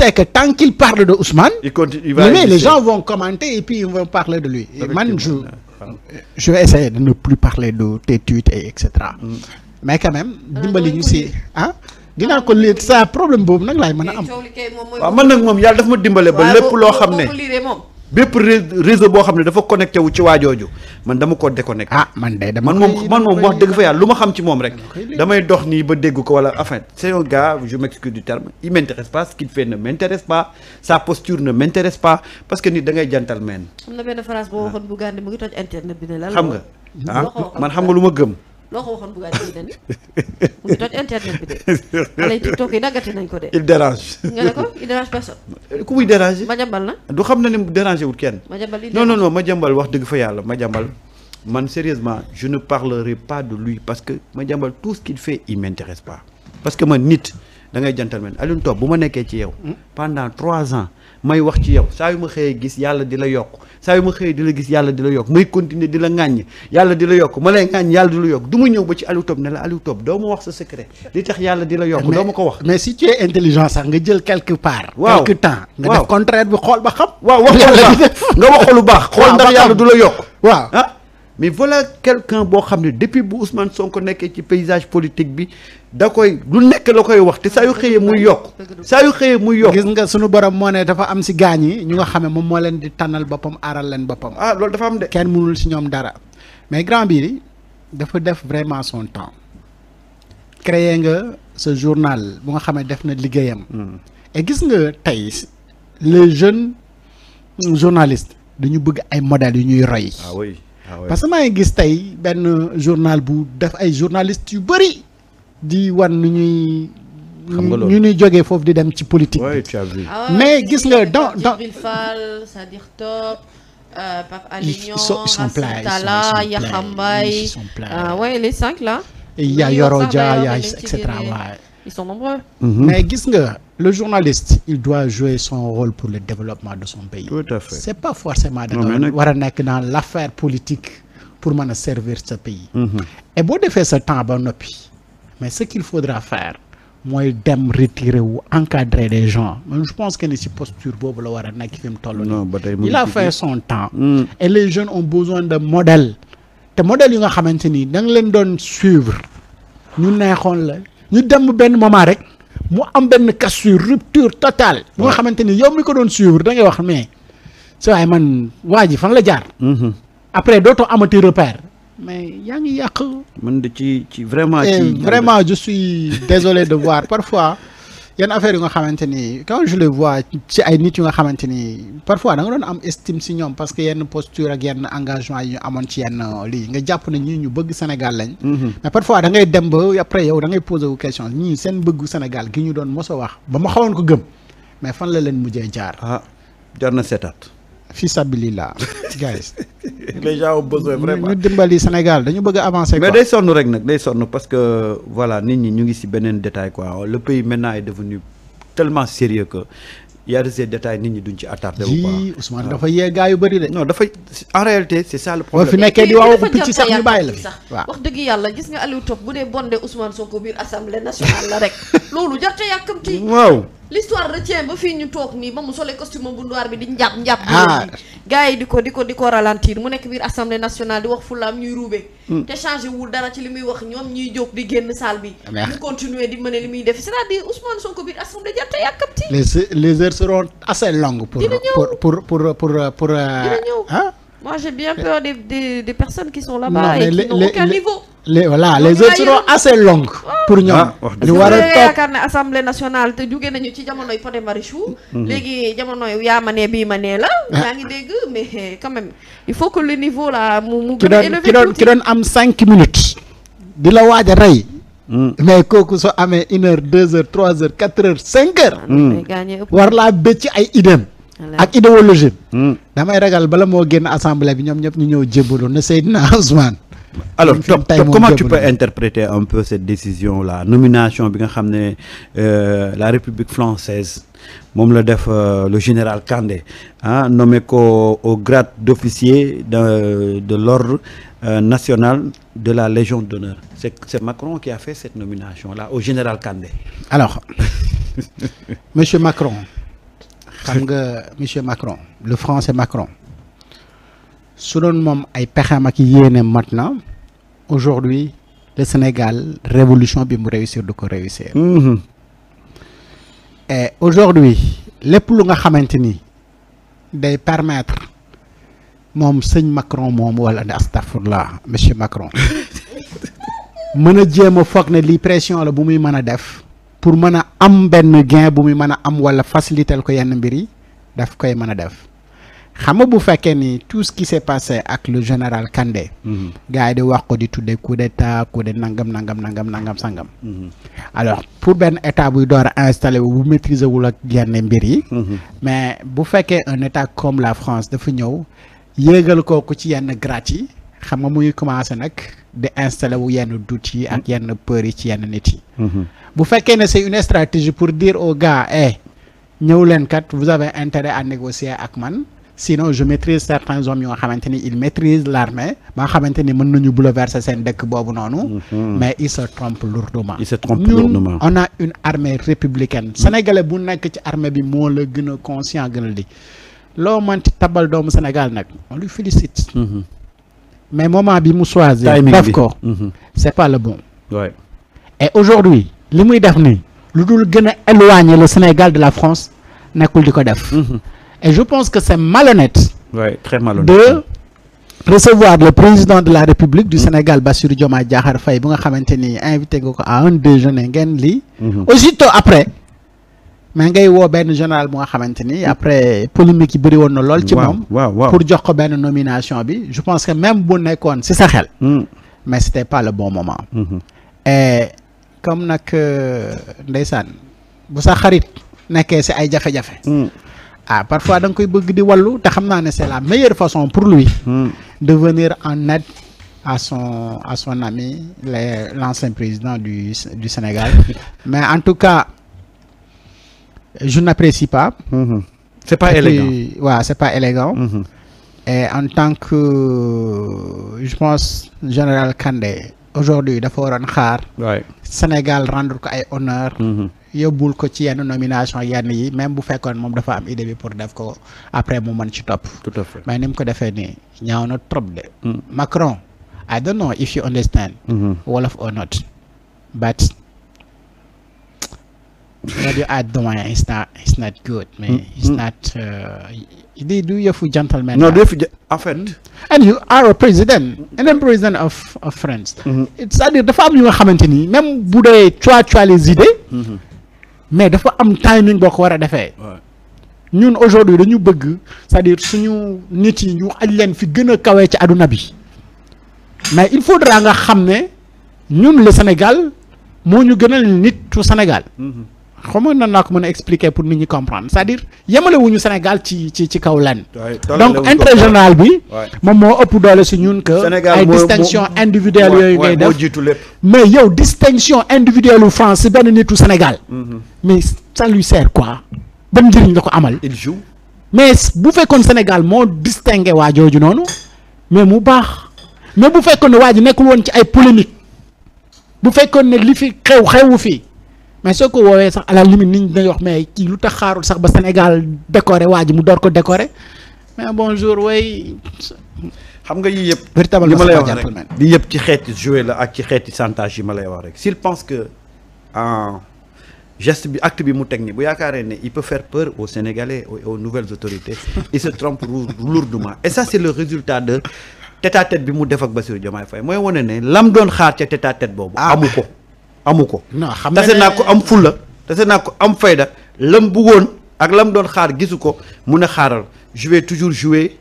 c'est que tant qu'il parle de Ousmane il continue, il mais les gens vont commenter et puis ils vont parler de lui man je je essayer de ne plus parler de tes tweets mm. mais quand même euh, dimbali ñu si ah dinaa ko lire sa problème boobu nag la mën a am waaw man nag moom yàlla daf ma dimbale ba lépp loo a ne bépp réseau boo xam ne dafa connecté wu ci waajooju man dama ko déconnecté. ah man day man moom man moom wax dëgg fa yàlla lu ma xam ci moom rek. damay dox nii ba dégg ko wala en fait c'est un gars je m'excuse du terme il m'intéresse pas ce qu'il fait ne m'intéresse pas sa posture ne m'intéresse pas parce que nit da ngay jantal meen. am na benn phrase boo waxoon ngi toj internet bi ne lan. xam nga ah man xam nga lu ma gëm. loo ko waxoon Bougane Gueye Dany mu internet bi de nañ ko de. il dérange. nga ne ko il dérange personne. ku muy déranger. ma jambal na du xam na ne déranger wut kenn. ma jambal non non non ma jàmbal wax dëgg fa yàlla ma jàmbal man sérieusement je ne parlerai pas de lui parce que ma jàmbal tout ce qu'il fait il m'intéresse pas parce que man nit da ngay gentleman Alioune bu ma nekkee ci yow. Hmm? pendant trois ans. may wax ci yow saa yu ma xëyee gis yàlla di la yokk saa yu ma xëyee di la gis yàlla di la yokk may continuer di la ŋàññ yàlla di la yokk ma lay ŋàññ yàlla di la yokk du ma ñëw ba ci Aliou Top ne la Aliou Top doo ma wax sa secret li tax yàlla di la yokk doo ma ko wax mais si tu es intelligent sax nga jël quelque part waaw quelque temps nga def bi xool ba xam waaw wax nga wax lu baax xool ndax yàlla du la yokk waaw ah? mais voilà quelqu'un boo xam ne depuis bu Ousmane Sonko nekkee ci paysage politique bi da koy lu nekk la koy wax te saa yu xëyee muy yokk saa yu xëyee muy yokk gis nga suñu borom moo ne dafa am si gaañ yi ñu nga xam ne moom moo leen di tànnal boppam aral leen boppam ah loolu dafa am de kenn mënul si ñoom dara mais grand bi dafa def vraiment son temps créé nga sa journal bu nga xam ne def na liggéeyam hmm. et gis nga tey les jeunes journalistes dañu bëgg ay modèles yu ñuy roy ah Ah, parce que maa ngi gis tey benn journal bu def ay journalistes yu bëri di wan nu ñuy. xam nga ñuy jógee foofu di dem ci politique. Ah mais gis nga dans dans. c'est-à-dire top. Euh, Pape Ils sont nombreux. Mhm. Mais gis nga le journaliste il doit jouer son rôle pour le développement de son pays. Tout à fait. C'est pas forcément da nga war a nekk dans l'affaire politique pour mën a servir ce pays. Mm -hmm. Et boo defee sa temps ba noppi mais ce qu'il faudra faire mooy dem retirer wu encadrer les gens man je pense que ni posture boobu la war a nekk fi mu toll nii. il a fait son temps. Mm. et les jeunes ont besoin de modèles te modèles yu nga xamante ni da nga leen doon suivre ñu neexoon ñu dem benn moment rek mu am benn cassure rupture totale. bu nga xamante ni yow mi ko doon suivre da ngay wax mais sa waay man waa ji fan la jaar. Mhm. après dootoo amati repère. mais yaa ngi yàq. man de ci ci vraiment. ci vraiment je suis désolé de voir parfois. yenn affaire yu nga xamante ni quand je le vois ci ay nit yu nga xamante ni parfois da nga doon am estime si ñoom parce que yenn posture ak yenn engagement yi ñu amoon ci yenn euh, lii nga jàpp na ñii ñu bëgg Sénégal lañ. Mhm. mais parfois da ngay dem ba après yow da ngay posé wu question ñii seen bëggu Sénégal gi ñu doon mos a wax ba ma xawoon ko gëm mais fan la leen mujjee jaar. ah jar na seetaat. fi sabilillah guys les vraiment ñu dimbali Sénégal dañu bëgg a avancer. mais day sonn rek nag day sonn parce que voilà nit ñi ñu ngi si beneen détail quoi le pays maintenant est devenu tellement sérieux que y a de ces détails nit ñi duñ ci attardé wu. quoi ji Ousmane ah. dafa yee gars yu bëri de. non dafa en réalité c'est ça le problème. boo fi nekkee di waaw picc sax bàyyi la fi waaw. wax dëgg yàlla gis nga Aliou Top bu dee bondé Ousmane Sonko biir assemblée nationale la rek loolu jarte yàkkamti waaw. l'histoire retient ba fii ñu toog nii ba mu solee costume bu noir bi di njàpp njàpp ah. gars yi di ko di ko di ko ralentir mu nekk biir assemblée nationale di wax fulaam ñuy ruube hmm. te changé wul dara ci li muy wax ñoom ñuy jóg di génn salle bi ñu ah, continuer di mën li muy def c'est-à-dire Ousmane Sonko biir assemblée jarte yàkkamti les les heures seront assez longues pour pour pour pour pour pour euh, dina ñëw ah moi j'ai bien peur des des personnes qui sont là-bas et les voilà les heures pour ñoom ah, ñu war a toog yaakaar ne assemblée nationale te jóge nañu ci jamonoy Pod Marichou mhm. léegi jamonoy yaa ma ne bii ma ne la ah. yaa ngi dégg mais quand même il faut que le niveau là mu mu gën a élevé ki ki am cinq minutes di la waaj a rey hmm. mais kooku soo amee une heure deux heures trois heures quatre heures cinq heures ah, hmm. war laa bëcc ay idéem ak idéologie hmm. damay ragal bala moo génn assemblée bi ñoom ñëpp ñu ñëw jébbalu na Seydina Ousmane alors top, top, comment tu peux interpréter un peu cette décision la nomination bi nga xam ne euh, la République française moom la def euh, le général Kandé ah nommé ko au grade d'officier de de l'ordre euh, national de la Légion d'honneur c'est c'est Macron qui a fait cette nomination là au général Kandé alors monsieur Macron xam nga monsieur Macron le français Macron su doon moom ay pexeem ak yéene mat na aujourd'hui le Sénégal révolution bi mu réussir du ko réussir mm-hmm. et aujourd'hui lépp lu nga xamante ni day permettre moom sëñ Macron moom wala ne la monsieur Macron mën a jéem a foog ne lii pression la bu muy mën a def pour mën a am benn gain bu muy mën a am wala facilitel ko yenn mbir yi daf koy mën a def xam nga bu fekkee ni tout ce qui s'est passé ak le général Kandé. Mhm. gars yi di wax ko di tuddee coup d'état coup de nangam nangam nangam sangam. Mhm. alors pour benn état buy door a installé wu bu maîtriser wul ak yenn mbir yi. Mhm. mais bu fekkee un état comme la France dafa ñëw yéegal kooku ci yenn gratte yi xam nga muy commencé nag di installé wu yenn doute yi ak yenn peur yi ci yenn nit yi. bu fekkee ne c'est une stratégie pour dire aux gars eh ñëw leen kat vous avez intérêt ak man. sinon je maîtrise certains hommes yoo xamante ni ils maîtrisent l'armée ba nga xamante ni mën nañu bouleverser seen dëkk boobu noonu mhm. mais ils se trompent lourdement ils se trompent lourdement on a une armée républicaine mm. sénégalais bu nekk ci armée bi moo la gën a conscient gën a li loo mënti tabal doomu Sénégal nag on lui félicite mhm. mais moment bi mu choisir def ko mhm. c'est pas le bon et aujourd'hui li muy def nii lu dul gën a éloigner le de la France nekkul di ko def Et pense que c'est malhonnête ouais, très de recevoir le président de la République du mmh. Sénégal Bassirou jomma Diakhar fay bu nga xamante ni invité nga ko à un déjeuner ngeen lii mm-hmm. aussitôt après mais ngay woo benn général bu nga xamante ni après polémique yi bëri woon na lool ci moom pour jox ko benn nomination bi je pense que même bu nekkoon si sa xel mm. mais c'était pas le bon moment mmh. comme nag euh, ndeysaan bu sa xarit nekkee si ay jafe-jafe mm. ah parfois da nga koy bëgg di wallu te xam naa ne c'est la meilleure façon pour lui hmm. de venir en aide à son à son ami les l'ancien président du du Sénégal mais en tout cas je n'apprécie pas hmm. c'est pas élégant pas hmm. élégant et en tant que je pense général Kandé aujourd'hui dafa waroon xaar Sénégal rendre ko ay honneur yóbbul ko ci yenn nomination yenn yi même bu fekkoon moom dafa am idée bi pour def ko après mu mën ci topp. tout à fait mais ni mu ko defee nii ñaaw na trop de. Hmm. Macron I don't know if you understand. Mm-hmm. Wolof or not but. what you are doing it's not good mais hmm. it's hmm. not uh, di du gentleman. non du and you are a president and then president of of France. Mm-hmm. dire dafa am yu nga xamante ni même bu dee cuwa cuwa les mm-hmm. mais dafa am temps nuñ boo ko war a defee. ñun aujourd'hui dañu bëgg cest à suñu nit yi ñu aj leen fi gën a kawee ci àdduna bi mais il faudra nga xam ne ñun le Sénégal moo ñu gënal nit tu Sénégal. Mm-hmm. xaw ma nan naa ko mën a expliquer pour nit ñi comprendre sa à dire yemale Sénégal ci ci ci kaw lenn donc intérêt général bi moom moo ëpp doole si ñun que ay distinction individuelle yooyu ngay def mais yow distinction individuelle yu France si benn nitu Sénégal mm-hmm. mais ça lui sert quoi ban njëriñ la ko amal il mais bu fekkoon Sénégal moo distingué waa jooju noonu mais mu baax mais bu fekkoon ne waa ji nekkul woon ci ay polémique bu fekkoon ne li fi xew xewu fii mais soo ko woowee sax à la limite nit ñi dañuy wax mais kii lu tax xaarul sax ba Sénégal décoré waa ji mu door ko décoré mais bonjour way xam nga yii yëpp. li ma lay wax rek li yëpp ci xeeti joué la ak ci xeeti chantage yi ma lay wax rek s'il pense que en geste bi acte bi mu teg ni bu yaakaaree ne il peut faire peur au Sénégalais et aux nouvelles autorités il se trompe lourdement et ça c'est le résultat de tête à bi mu def ak Bassirou Diomaye fa mooy wane ne lam doon xaar ca boobu ah. amu ko amu ko. non xam tase naa ko am fulla tase naa ko am fayda lam bëggoon ak lam doon xaar gisu ko mun a xaaral je vais toujours jouer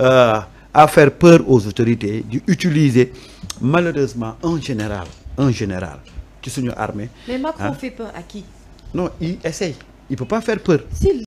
euh, à faire peur aux autorités di utiliser malheureusement un général un général ci suñu armée. mais Macron fait peur à qui? non il essaye il peut pas faire peur.